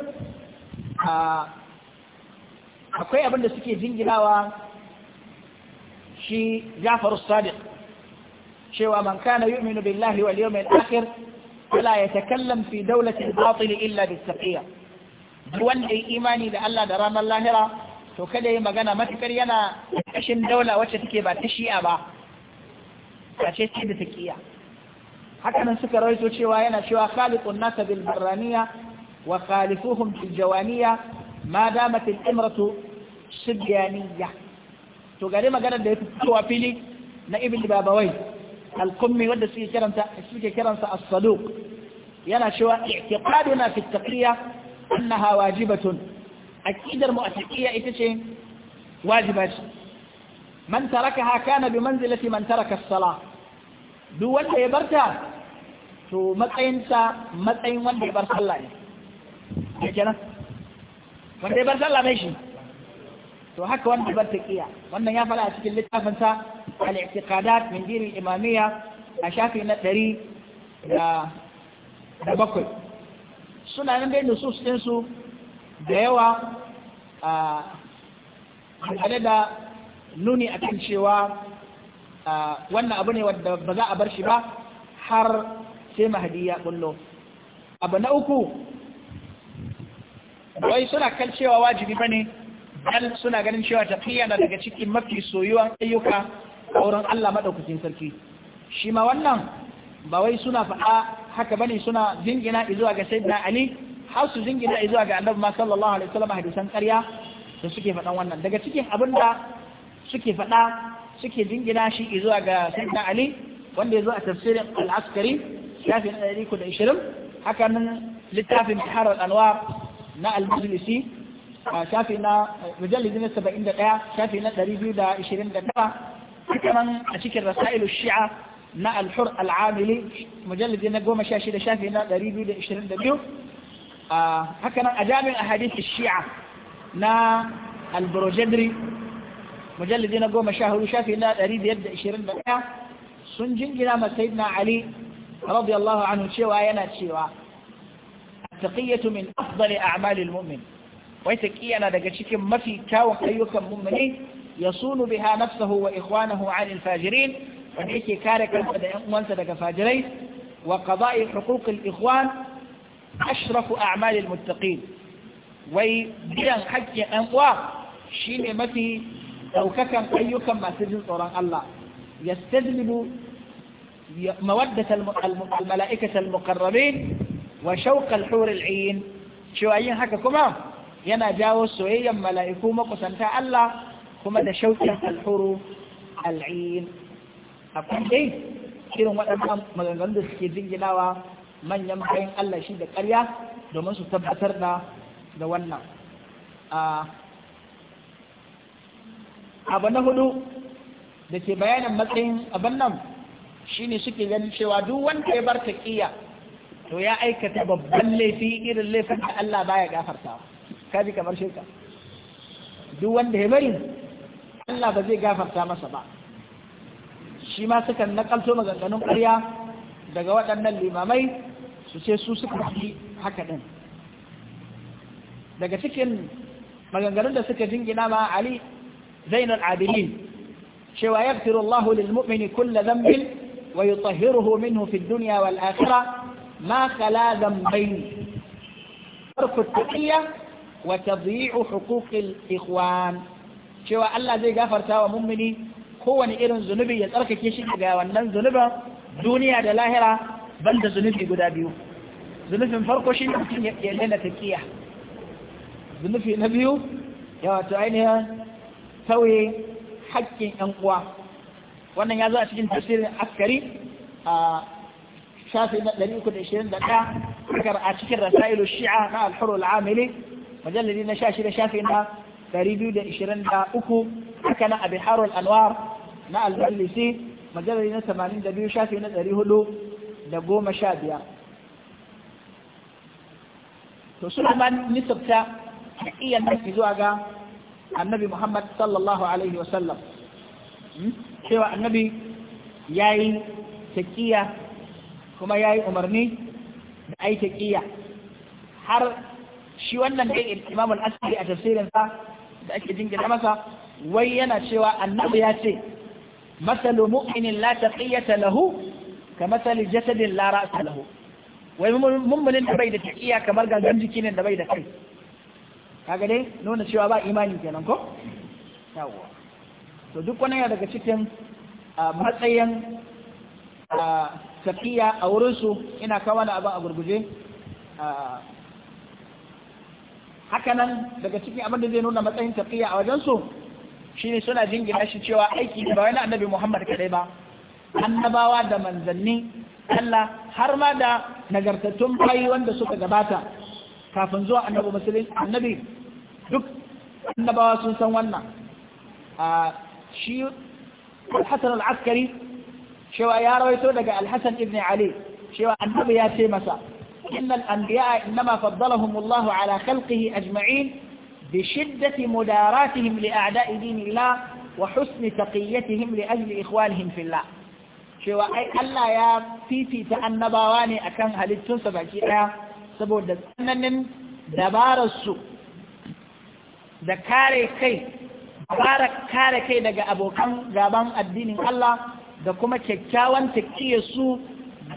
akwai abin da suke jinginawa shi jafaru sadiq cewa man kana yu'minu billahi wal yawmil akhir wala yatakallam fi dawlati al-batil illa bis-saqiya wanda imani da Allah da ranar lahira to kada yi magana matukar yana kashin daula wacce take ba ta shi'a ba a ce ce da ta kiya hakanan suka rawaito cewa yana cewa khaliqun nasa bil barraniya wa khalifuhum fil jawaniya ma damat al imratu sibyaniya to gari maganar da ya fitowa fili na ibn babawai al-qummi wanda suke kiranta suke kiransa as-saduq yana cewa i'tiqaduna fi at-taqiyya annaha wajibatun aqidar mu a atqiya ita ce wajiba ce man tarakaha kana bi manzilati man taraka as-salah duk wanda ya barta to matsayinsa matsayin wanda ya bar sallah ne ya kenan wanda ya bar sallah mai shi to haka wanda ya bar taqiya wannan ya fara a cikin littafinsa al-i'tiqadat min dini imamiyya a shafi na ɗari da bakwai suna nan dai nusus ɗinsu da yawa a da nuni a kan cewa wannan abu ne wadda ba za a bar shi ba har sai mahadi ya kullo abu na uku wai suna kan cewa wajibi ba ne dan suna ganin cewa tafiya na daga cikin mafi soyuwan ayyuka a wurin Allah maɗaukacin sarki shi ma wannan ba wai suna faɗa haka ba ne suna jingina izuwa ga sayyidina Ali har su jingina zuwa ga annabi ma sallallahu alaihi wasallam hadisan ƙarya da suke faɗan wannan daga cikin abin suke faɗa suke jingina shi zuwa ga sayyidina ali wanda ya zo a tafsirin al-askari shafi na ɗari da ishirin haka nan littafin bihar al-anwar na al-mujlisi shafi na mujallidi na da ɗaya shafi na ɗari biyu da ishirin da ɗaya haka nan a cikin rasa'ilu shi'a na al-hur al-amili mujallidi na goma sha shida shafi na ɗari biyu da ishirin da biyu hakanan nan a jami'in hadisi shi'a na alburojadri mujalladi na goma sha hudu shafi na ɗari biyar da ishirin da ɗaya sun jingina ma sayyidina ali radiyallahu anhu cewa yana cewa taqiyatu min afdali a'malil mu'min wai taqiya na daga cikin mafi kyawun ayyukan mu'mini yasunu biha nafsahu wa ikhwanahu 'anil fajirin wanda yake kare kansa da yan uwansa daga fajirai wa qada'i huquqil ikhwan ashrafu a'malil muttaqin wai biyan haƙƙin ɗan uwa shine mafi ɗaukakan ayyukan masu jin tsoron Allah yastajlibu mawaddat al-mala'ikata al-muqarrabin wa shawq al-hur al-'ayn cewa yin haka kuma yana jawo soyayyan mala'iku makusanta Allah kuma da shauƙin al-hur al-'ayn akwai dai irin waɗannan maganganun da suke jinginawa manyan bayan Allah shi da ƙarya domin su tabbatar da da wannan abu na hudu da ke bayanin matsayin abin nan shi ne suke ganin cewa duk wanda ya bar taƙiyya to ya aikata babban laifi irin laifin da Allah baya gafarta Ka ji kamar shirka duk wanda ya bari Allah ba zai gafarta masa ba shi ma sukan nakalto maganganun ƙarya daga waɗannan limamai su sai su suka fi haka ɗin daga cikin maganganun da suka jingina ma Ali Zainul Abidin cewa yaghfiru Allahu lil mu'mini kulla dhanbin wa yutahhiruhu minhu fi dunya wal akhirah ma khala dhanbayn tarku taqiyya wa tadhi'u huquq al ikhwan cewa Allah zai gafarta wa mu'mini kowane irin zunubi ya tsarkake shi daga wannan zunuban duniya da lahira banda zunubi guda biyu zunufin farko shi ne mutum ya lalata kiya zunufi na biyu ya wato ainihin tauye haƙƙin ƴan uwa wannan ya zo a cikin tasirin askari a shafi na ɗari uku da da ishirin 321 a cikin rasailu shi'a na alhurul amili majalladi na sha shida shafi na biyu da da ishirin uku, haka na abiharul anwar na albalisi majalladi na tamanin da biyu shafi na ɗari hudu da goma sha biyar. to suna ma nisabta haƙiyyar nasi zuwa ga annabi Muhammad sallallahu alaihi wasallam hmm? cewa annabi ya yi taƙiyya kuma ya yi umarni da a yi har shi wannan dai imam al-asiri a tafsirinsa da ake jingina masa wai yana cewa annabi ya ce masalu mu'minin la taqiyata lahu ka masali jasadin la ra'sa lahu wai mummunin da bai da taqiya kamar gangan jiki ne da bai da kai kaga dai nuna cewa ba imani kenan ko yawa to duk wani yana daga cikin matsayin taqiya a wurin su ina kawo na abin a gurguje haka nan daga cikin abin da zai nuna matsayin taqiya a wajen su shine suna jingina shi cewa aiki ba wani annabi Muhammad kadai ba annabawa da manzanni Allah har ma da nagartattun bayi wanda suka gabata kafin zuwa annabi musulmi annabi duk annabawa sun san wannan a shi al-hasan al-askari cewa ya rawaito daga al-hasan ibn ali cewa annabi ya ce masa innal anbiya innama faddalahum Allah ala khalqihi ajma'in bi shiddati mudaratihim li a'da'i dinillah wa husni taqiyatihim li ajli ikhwanihim fillah cewa ai Allah ya fifita annabawa ne akan halittunsa baki ɗaya saboda tsananin dabararsu da kare kai dabarar kare kai daga abokan gaban addinin Allah da kuma kyakkyawan takiye su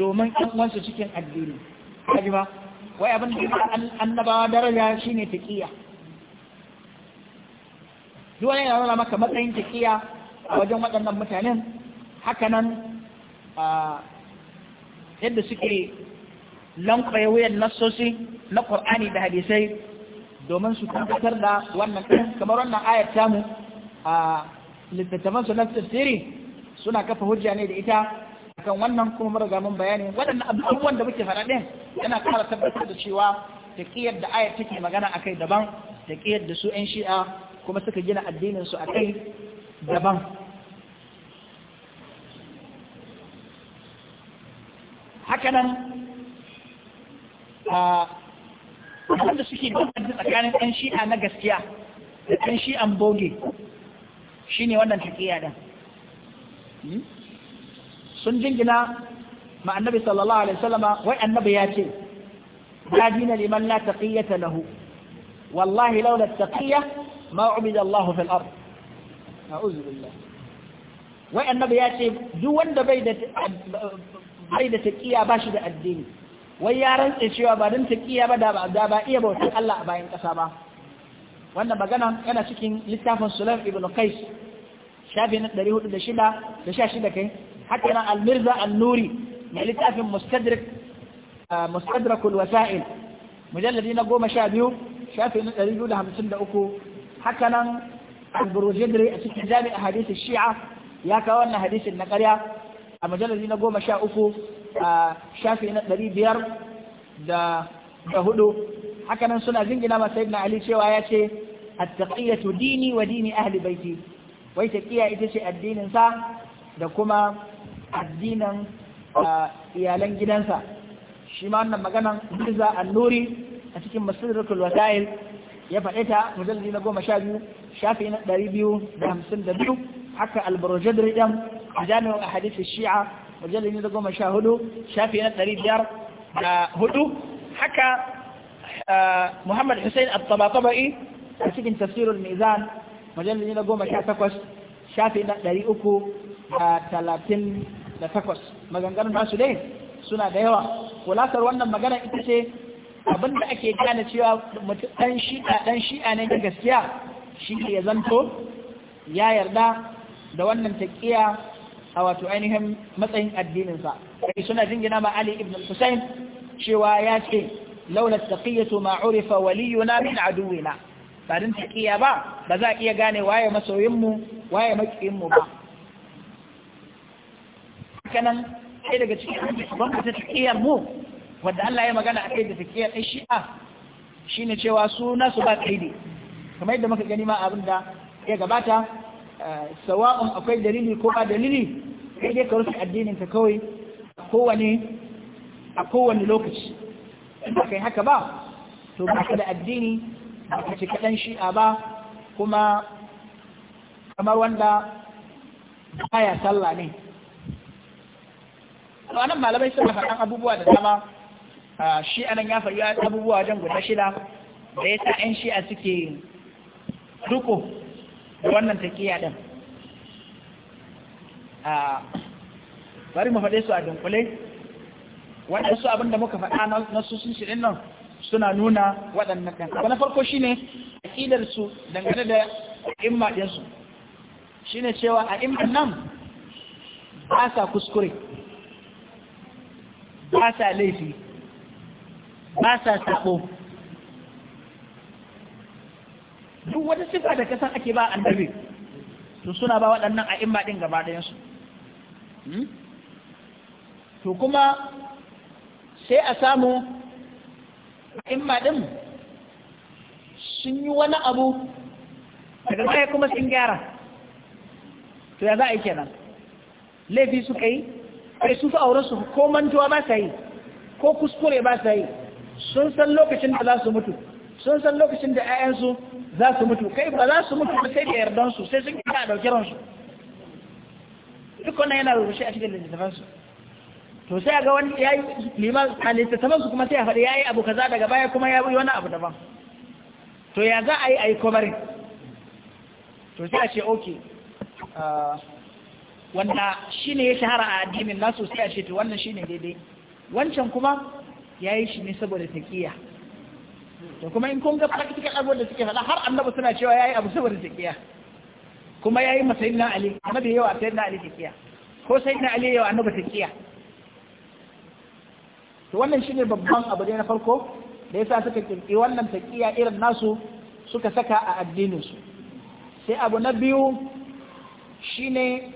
domin ɗan cikin addini kaji ba wai abin da annabawa daraja shine takiya duk wani yana nuna maka matsayin takiya a wajen waɗannan mutanen hakanan yadda suke lankwaye wuyan nassosi na ƙur'ani da hadisai domin su tabbatar da wannan kamar wannan ayar tamu a su na tafsiri suna kafa hujja ne da ita akan wannan kuma mara mun bayani waɗannan abubuwan da muke faɗa yana ƙara tabbatar da cewa ta ƙiyar da ayar take magana a kai daban ta ƙiyar da su 'yan shi'a kuma suka gina addinin su a kai daban hakanan a wanda suke bambanci tsakanin ɗan shi'a na gaskiya da ɗan shi'an boge shi ne wannan taƙiya ɗin hmm? sun jingina ma annabi sallallahu alaihi wasallama wai annabi ya ce la dina liman la taqiyata lahu wallahi laula taqiyya ma ubida Allah fil ard a'udhu billah wai annabi ya ce duk wanda bai da bai da taƙiya ba shi da addini wai ya rantse cewa ba don taƙiya ba da ba ba iya bautar Allah a bayan ƙasa ba wannan magana yana cikin littafin Sulaim ibn Qais shafi na hudu da sha shida kai haka yana al-Mirza nuri mai littafin Mustadrak Mustadrak al-Wasa'il mujalladi na goma sha biyu, shafi na da da hamsin uku, haka nan al-Burujidri a cikin Jami'a hadisi Shi'a ya kawo wannan hadisin na ƙarya a majalari na goma sha uku a shafi na ɗari biyar da da hudu hakanan suna zingina ma sayyidina ali cewa ya ce at-taqiyatu dini wa dini ahli baiti wai taqiya ita ce addinin sa da kuma addinin iyalan gidansa shi ma wannan maganan Mirza An-Nuri a cikin Masdarul Wasail ya faɗe ta mujalladi na goma sha biyu shafi na ɗari biyu da hamsin da biyu haka albarojadri ɗan a jami'in ahadisi shi'a mujallar ne da goma sha hudu shafi na ɗari biyar da hudu haka muhammad hussein al-tabatabai a cikin tafsirul mizan mujallar ne da goma sha takwas shafi na ɗari uku da talatin da takwas maganganun dai suna da yawa kulasar wannan magana ita ce abinda ake gane cewa ɗan shi'a ɗan shi'a ne gaskiya shi ne ya zanto ya yarda da wannan taƙiya a wato ainihin matsayin addininsa sai suna jingina ma Ali ibn Hussein cewa ya ce laula taqiyatu ma urifa waliyuna min aduwina ba taqiya ba ba za iya gane waye masoyin mu waye makiyin mu ba kanan sai daga cikin banka ta taqiyar mu wanda Allah ya magana akai da taqiyar shi'a shine cewa su nasu ba kaidi kamar yadda muka gani ma abinda ya gabata eh, sawa'un akwai dalili ko ba dalili kai dai ka rufe addinin ka kawai a kowane lokaci ba kai haka ba to ba ka da addini ba ka cika shi'a ba kuma kamar wanda baya sallah ne wannan malamai suna faɗa abubuwa da dama shi anan ya faɗi abubuwa wajen guda shida da ya sa 'yan shi'a suke duko da wannan taƙiya ɗin bari mu faɗe su a dunkule waɗansu abin da muka faɗa na susun shi nan suna nuna waɗannan kan abu na farko ne a su dangane da imma ɗinsu su ne cewa a imma nan ba sa kuskure ba sa laifi ba sa sabo duk wata sifa da kasan ake ba annabi to suna ba waɗannan a imma ɗin gaba ɗayansu Hmm? to kuma sai a samu imma ɗin sun yi wani abu daga baya kuma sun gyara to ya za a yi kenan laifi suka yi sai su fi auren su ko mantuwa ba sa yi ko kuskure ba sa yi sun san lokacin da za su mutu sun san lokacin da 'ya'yansu za su mutu kai ba za su mutu ba sai da yardansu sai sun kira a ɗauki ransu duk wannan yana rubuce a cikin littattafan su to sai ga wani yayi liman a littattafan su kuma sai ya faɗi yayi abu kaza daga baya kuma ya yi wani abu daban to ya za a yi ayi komarin to sai a ce okay ah, wanda shine ya shahara a addinin nasu sai a ce to wannan shine daidai wancan kuma yayi shi ne saboda taqiya to kuma in kun ga practical abubuwan da suke faɗa har annabi suna cewa yayi abu saboda taqiya kuma yayi ma na ali annabi yawa na ali kiya, ko na ali yawa annabi kiya? to wannan ne babban abu ne na farko da yasa suka kirki wannan kiya irin nasu suka saka a addinin su sai abu na biyu shine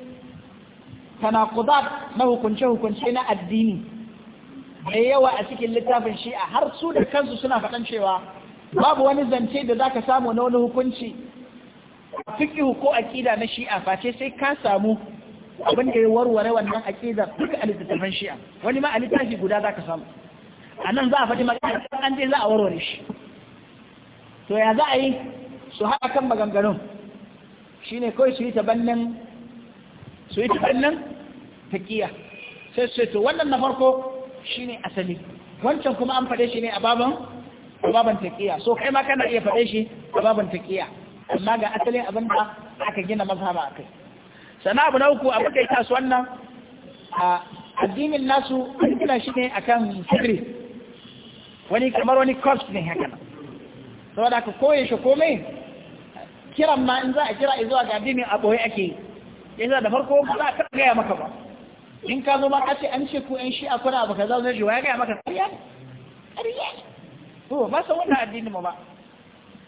tanaqudat na hukunce hukunce na addini da yawa a cikin littafin shi'a har su da kansu suna faɗan cewa babu wani zance da zaka samu na wani hukunci Fikihu ko aqida na shi'a ba ce sai ka samu abin da ya warware wannan aqida duka a littattafan shi'a wani ma a littafi guda zaka samu a nan za a faɗi magana an je za a warware shi to ya za a yi su haɗa kan maganganun shine kawai su yi tabannin su yi tabannin taqiya sai su to wannan na farko shine asali wancan kuma an faɗe shi ne a baban baban taqiya so kai ma kana iya faɗe shi a baban taƙiya. amma ga asalin abin da aka gina mazhaba a kai sana abu na uku abin da ya su wannan a addinin nasu an gina shi ne a kan sirri wani kamar wani cost ne haka nan da ka koye shi komai kiran ma in za a kira izuwa ga addinin a ɓoye ake yi yanzu da farko ba za a taɓa gaya maka ba in ka zo ba ka ce an ce ku 'yan shi a kuna abu ka zaune shi wa ya gaya maka ƙarya ne ƙarya to ba sa wannan addinin ba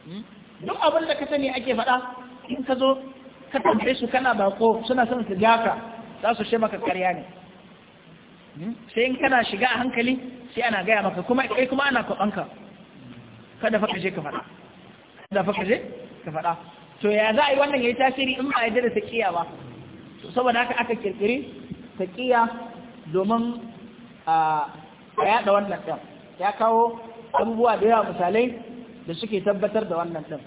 hmm? duk abin da ka sani ake faɗa in ka zo ka tambaye su kana bako suna son su ka za su shi maka ƙarya ne hmm? sai in kana shiga a hankali sai ana gaya maka kuma kai kuma ana ka kada fa je ka faɗa kada fa je ka faɗa to ya za a yi wannan ya yi tasiri in ba a yadda da taƙiya ba saboda haka aka kirkiri taƙiya domin a yaɗa wannan ɗan ya kawo abubuwa da yawa misalai da suke tabbatar da wannan din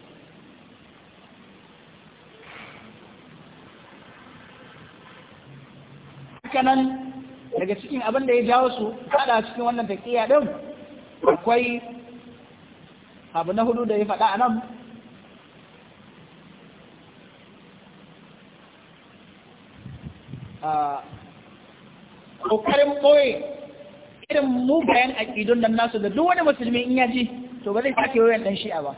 daga cikin abin da ya jawo su fada cikin wannan taƙiya din akwai abu na hudu da ya faɗa a nan ƙoƙarin ɓoye irin mugayen aƙidun nan nasu da duk wani musulmi in yaji to ba zai sake wayan dan shi'a ba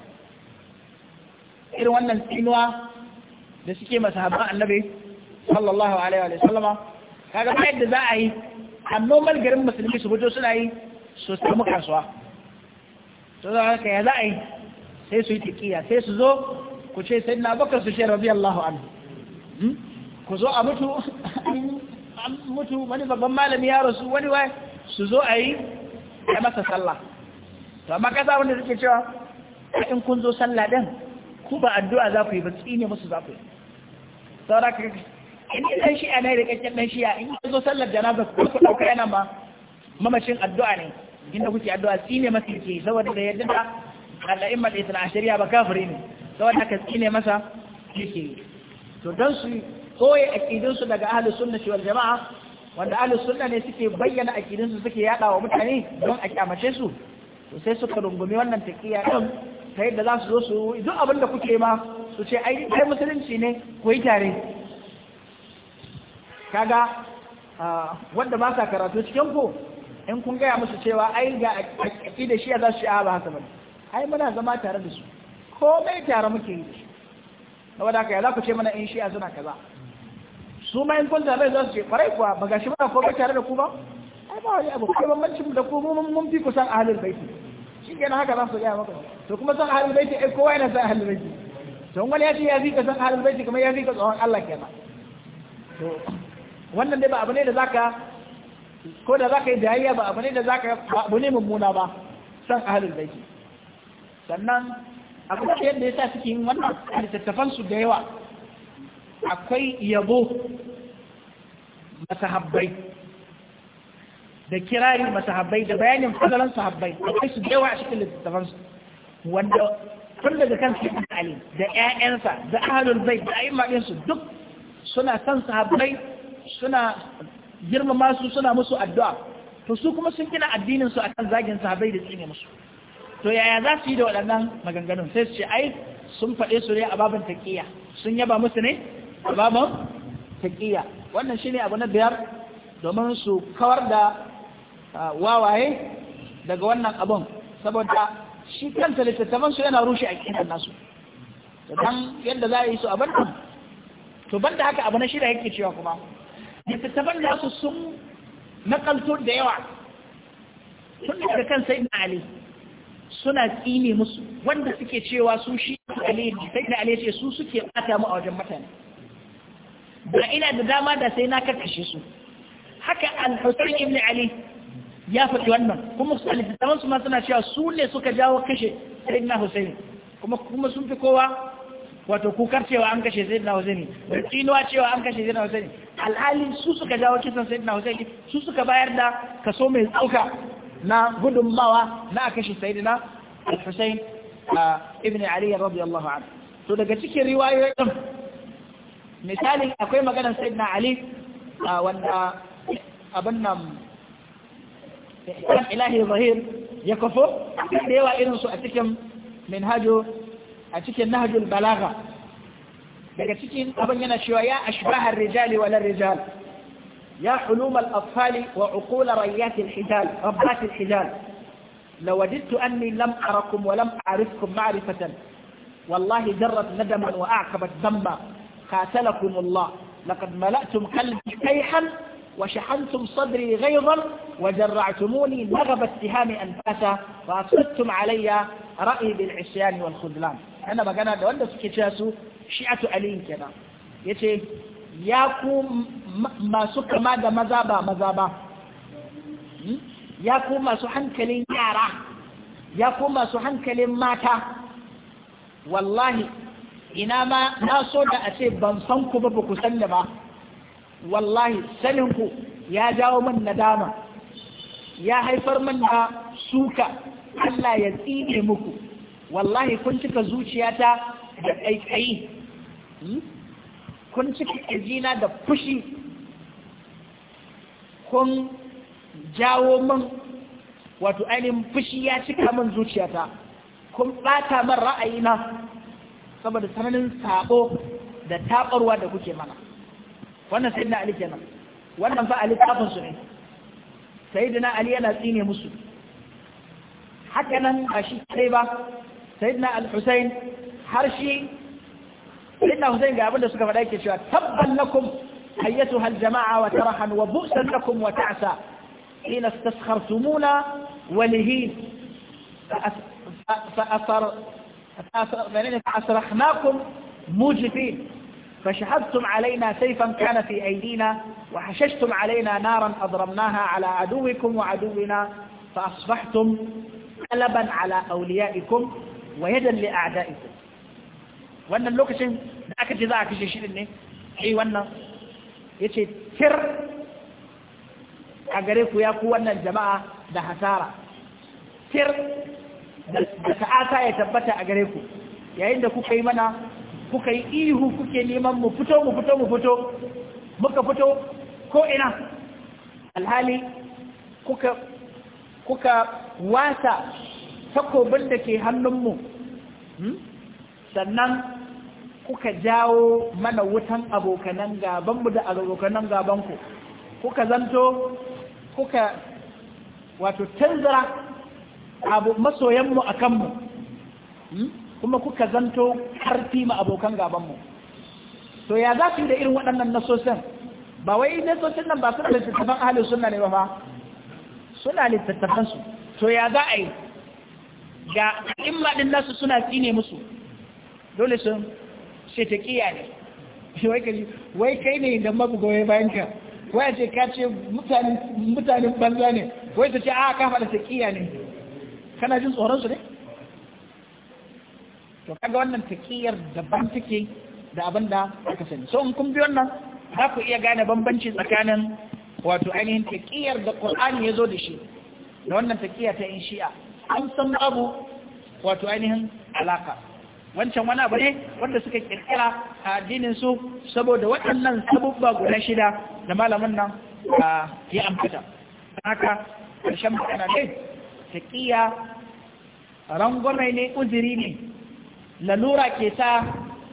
irin wannan tsinuwa da suke masahaban annabi sallallahu alaihi wa sallama kaga ba yadda za a yi a garin musulmi su fito suna yi su samu kasuwa to za ka ya za a yi sai su yi tikiya sai su zo ku ce sai na bakar su ce radiyallahu anhu hmm? ku zo a mutu an mutu wani babban malami ya rasu wani wai su zo a yi a masa sallah to amma kasa wanda suke cewa in kun zo sallah din ku ba addu'a za ku yi ba tsine musu za ku yi saboda ka in yi dan shi'a ne da kakkin dan shi'a in yi zo sallar janaza ku ku dauka yana ma mamacin addu'a ne inda kuke addu'a tsine masa yake saboda da yadda al'a'imma da ita na shari'a ba kafiri ne saboda ka tsine masa yake to don su koyi aƙidinsu daga ahalus sunna wal jama'a wanda ahalus sunna ne suke bayyana aƙidinsu suke yada wa mutane don a kyamace su to sai suka rungumi wannan taƙiya. ɗin ta yadda za su zo su duk abin da kuke ma su ce ai ai musulunci ne ku yi tare kaga wanda ba sa karatu cikin ku in kun gaya musu cewa ai ga da shi za su a ba haka bane ai muna zama tare da su komai tare muke yi saboda haka ya za ku ce mana in shi'a suna kaza su ma in kun tare za su ce kwarai kuwa ba gashi muna komai tare da ku ba ai ba wani abu kai bambancin da kuma mun mun fi kusan ahlul baiti shi kenan haka za su gaya maka to kuma san ahlul baiti ai kowa yana san ahlul baiti to wani ya ce ya zika san ahlul baiti kamar ya zika tsawon Allah kenan to wannan dai ba abu ne da zaka ko da zaka yi jayayya ba abu ne da zaka ba abu ne mummuna ba san ahlul baiti sannan abu da yadda ya sa suke yin wannan littattafan su da yawa akwai yabo masahabbai da kirari masahabbai da bayanin fadalan sahabbai kai su da yawa a cikin littattafansu wanda tun daga kan sayyidina ali da ƴaƴansa da ahlul bait da ayyuma su duk suna san sahabbai suna girmama su suna musu addu'a to su kuma sun gina addinin su akan zagin sahabbai da tsine musu to yaya za su yi da waɗannan maganganun sai su ce ai sun faɗe su ne a babin taƙiyya sun yaba musu ne a babin taƙiyya wannan shine abu na biyar domin su kawar da Ah, wawaye daga wannan abin saboda shi kanta littattafan su yana rushe a kinan nasu dan yadda za a yi su a bandan to banda haka abu na shida yake cewa kuma littattafan nasu sun nakalto da yawa tun daga kan sai ali suna tsine musu wanda suke cewa su shi ali sai da ali ce su suke bata mu a wajen mutane da ina da dama da sai na karkashe su haka al-Husayn ibn Ali ya faɗi wannan kuma su alifitawan su ma suna cewa su ne suka jawo kashe sai na Hussein kuma kuma sun fi kowa wato kukar cewa an kashe sai na Hussein da tsinuwa cewa an kashe sai na Hussein alhali su suka jawo kisan sai na Hussein su suka bayar da kaso mai tsauka na gudunmawa na kashe sai na Hussein ibn Ali radiyallahu anhu to daga cikin riwayoyin misali akwai maganar na Ali wanda abin nan ihsan إلهي ظهير ya kafo da yawa irin su a نهج البلاغة a cikin nahjul balagha الرجال cikin abin يا حلوم الأطفال وعقول ريات الحجال ربات الحجال لوددت أني لم أركم ولم أعرفكم معرفة والله جرت ندما وأعقبت ذنبا قاتلكم الله لقد ملأتم قلبي كيحا وشحنتم صدري غيظا وجرعتموني نغب اتهام أنفاسا فأسقطتم علي رأي بالعصيان والخذلان أنا بقنا ده وانده سكتاسو شيعة ألين كنا يتي ياكو ما سكر ماذا مذابا مذابا ياكو ما سحن كلين يارا ياكو ما سحن كلين ماتا والله ina ma na so da a ce ban san ku ba ba ku san da ba wallahi saninku ya jawo man nadama ya haifar man na suka Allah ya tsine muku wallahi kun cika zuciyata da ƙaiƙayi hmm? kun cika ƙirjina da fushi kun jawo man wato ainihin fushi ya cika man zuciyata kun ɓata man ra'ayina saboda sananin sabo da taɓarwa da kuke mana wannan sayyidina ali kenan wannan fa ali kafin su ne sayyidina ali yana tsine musu haka nan ba shi kai ba sayyidina al-husayn har shi sayyidina husayn ga abin da suka faɗa yake cewa tabban lakum ayyatuha al-jama'a wa tarahan wa bu'san lakum wa ta'sa حين استسخرتمونا ولهين فأثر فأثر فأصرخناكم موجفين فشحبتم علينا سيفا كان في أيدينا وحششتم علينا نارا أضرمناها على عدوكم وعدونا فأصبحتم قلبا على أوليائكم ويدا لأعدائكم وأن اللوكسين ذاك جزاء كشي شيء إني حي وأن يشي تر أقريكو ياكو وأن الجماعة ده سارة تر ده ساعة يتبتى أقريكو يعني ده كو كيمنا kuka yi ihu kuke neman mu fito mu fito mu fito muka fito ko ina alhali kuka kuka wasa takobin da ke hannunmu hmm? sannan kuka jawo mana wutan abokanan gabanmu da abokanan gabanku kuka zanto kuka wato tanzara abu masoyanmu a kanmu hmm? kuma kuka zanto har ma abokan gabanmu to ya za su yi da irin waɗannan nasosin ba wai nasosin nan ba suna littattafan ahalin suna ne ba ba suna littattafansu to ya za a yi ga maɗin nasu suna tsine musu dole sun ce ta ƙiya ne wai kai ne da mabugawa bayan ka wai a ce ka ce mutanen banza ne wai ta ce a ka faɗa ta ƙiya ne kana jin tsoronsu ne to kaga wannan takiyar daban take da abin da aka sani so in kun bi wannan za ku iya gane bambanci tsakanin wato ainihin takiyar da Qur'ani ya zo da shi da wannan taqiya ta in shi'a an san babu wato ainihin alaka wancan wani abu ne wanda suka kirkira a addinin su saboda waɗannan sabubba guda shida da malamin nan ya amfata haka ƙarshen magana ne taqiya rangwame ne uzuri ne lalura ke sa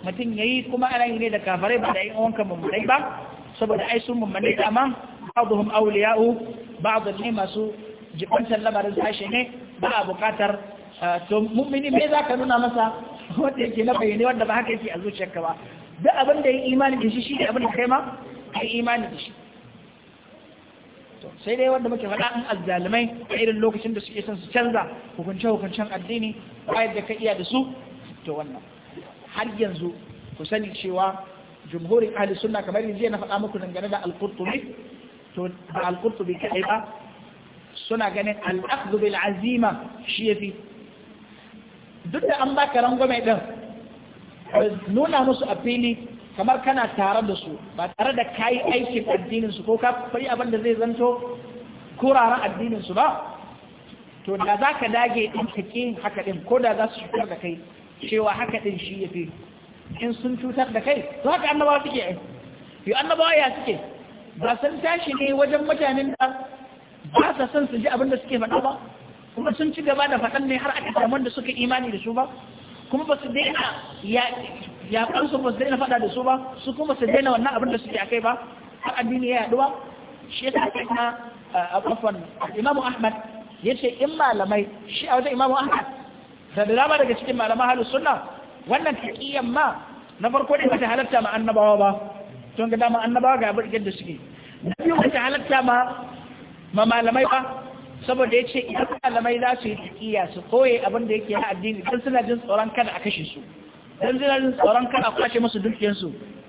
mutum ya yi kuma ana yi ne da kafarai ba da yin wanka mummunai ba saboda ai sun mummunai dama auliya'u ba ba'adu ne masu jibantar lamarin sashe ne ba a bukatar eh, to mummini me za ka nuna masa wanda yake na bayyane wanda ba haka yake a zuciyarka ba duk abin da yi imani da shi shi ne abin da kai ma ka yi imani da shi sai dai wanda muke faɗa an azalimai a irin lokacin da suke son su canza hukunce-hukuncen addini ba yadda ka iya da su ta wannan har yanzu ku sani cewa jumhurin ahli sunna kamar yanzu na faɗa muku dangane da al-qurtubi to da al-qurtubi kai ba suna ganin al-akhdhu bil azima shi yafi duk da an baka rangwame din nuna musu a fili kamar kana tare da su ba tare da kayi aikin addinin su ko ka fari abin da zai zanto kuraren addinin su ba to da za ka dage ɗin kake haka ɗin ko da za su shukar da kai cewa haka ɗin shi ya fi in sun cutar da kai to haka annabawa suke ai yi annabawa ya suke ba san tashi ne wajen mutanen da ba sa son su ji abin da suke faɗa ba kuma sun ci gaba da faɗan ne har aka samu da suka imani da su ba kuma ba su daina ya ya kansu ba su daina faɗa da su ba su kuma su daina wannan abin da suke akai ba har addini ya yaduwa shi yasa kuma a kafan Imam Ahmad yace in malamai shi a wajen Imam Ahmad da dama daga cikin malaman halus sunna wannan taqiyan ma na farko din ta halatta ma annabawa ba tun ga dama annabawa ga abin da suke na biyu ta halatta ma ma malamai ba saboda yace idan malamai za su yi taqiya su koye abin da yake na addini dan suna jin tsoron kada a kashe su dan suna jin tsoron kada a kwace musu dukiyar su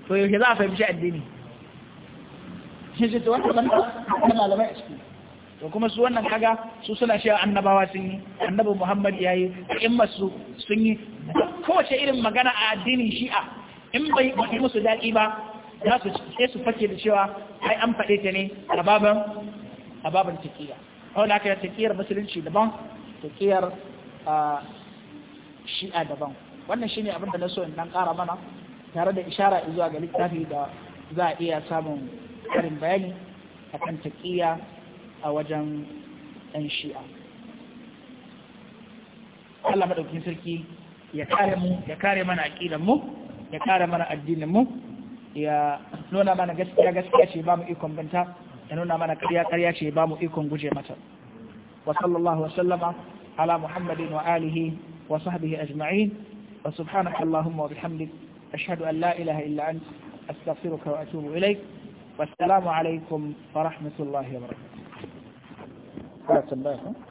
to yaushe za a fahimci addini shi ce to wannan ban da malamai a ciki to kuma su wannan kaga su suna cewa annabawa sun yi annabi Muhammad yayi in su sun yi kowace irin magana a addinin Shi'a in bai yi musu daɗi ba za su ce su fake da cewa ai an faɗe ta ne a baban a baban taqiya wanda aka taqiyar musulunci daban taqiyar Shi'a daban wannan shine abin da na so in dan ƙara mana tare da ishara zuwa ga littafi da za a iya samun karin bayani akan takiya a wajen ɗan shi'a Allah maɗaukin sarki ya kare mu ya kare mana aƙidan mu ya kare mana addinin mu ya nuna mana gaskiya gaskiya ce ba mu ikon banta ya nuna mana ƙarya ƙarya ce ba mu ikon guje mata wa sallallahu wa sallama ala muhammadin wa alihi wa sahbihi ajma'in wa subhanaka allahumma wa bihamdik ashhadu an la ilaha illa ant astaghfiruka wa atubu ilaik wassalamu alaikum wa rahmatullahi wa barakatuh That's all.